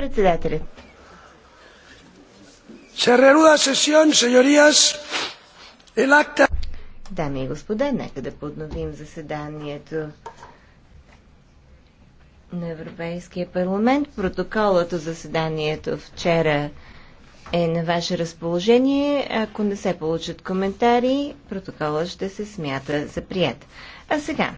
Председателят. Черреруда сесион, señorías. El acta... Дами и господа, нека да подновим заседанието на Европейския парламент. Протоколът от заседанието вчера е на ваше разположение. Ако не се получат коментари, протоколът ще се смята за прият. А сега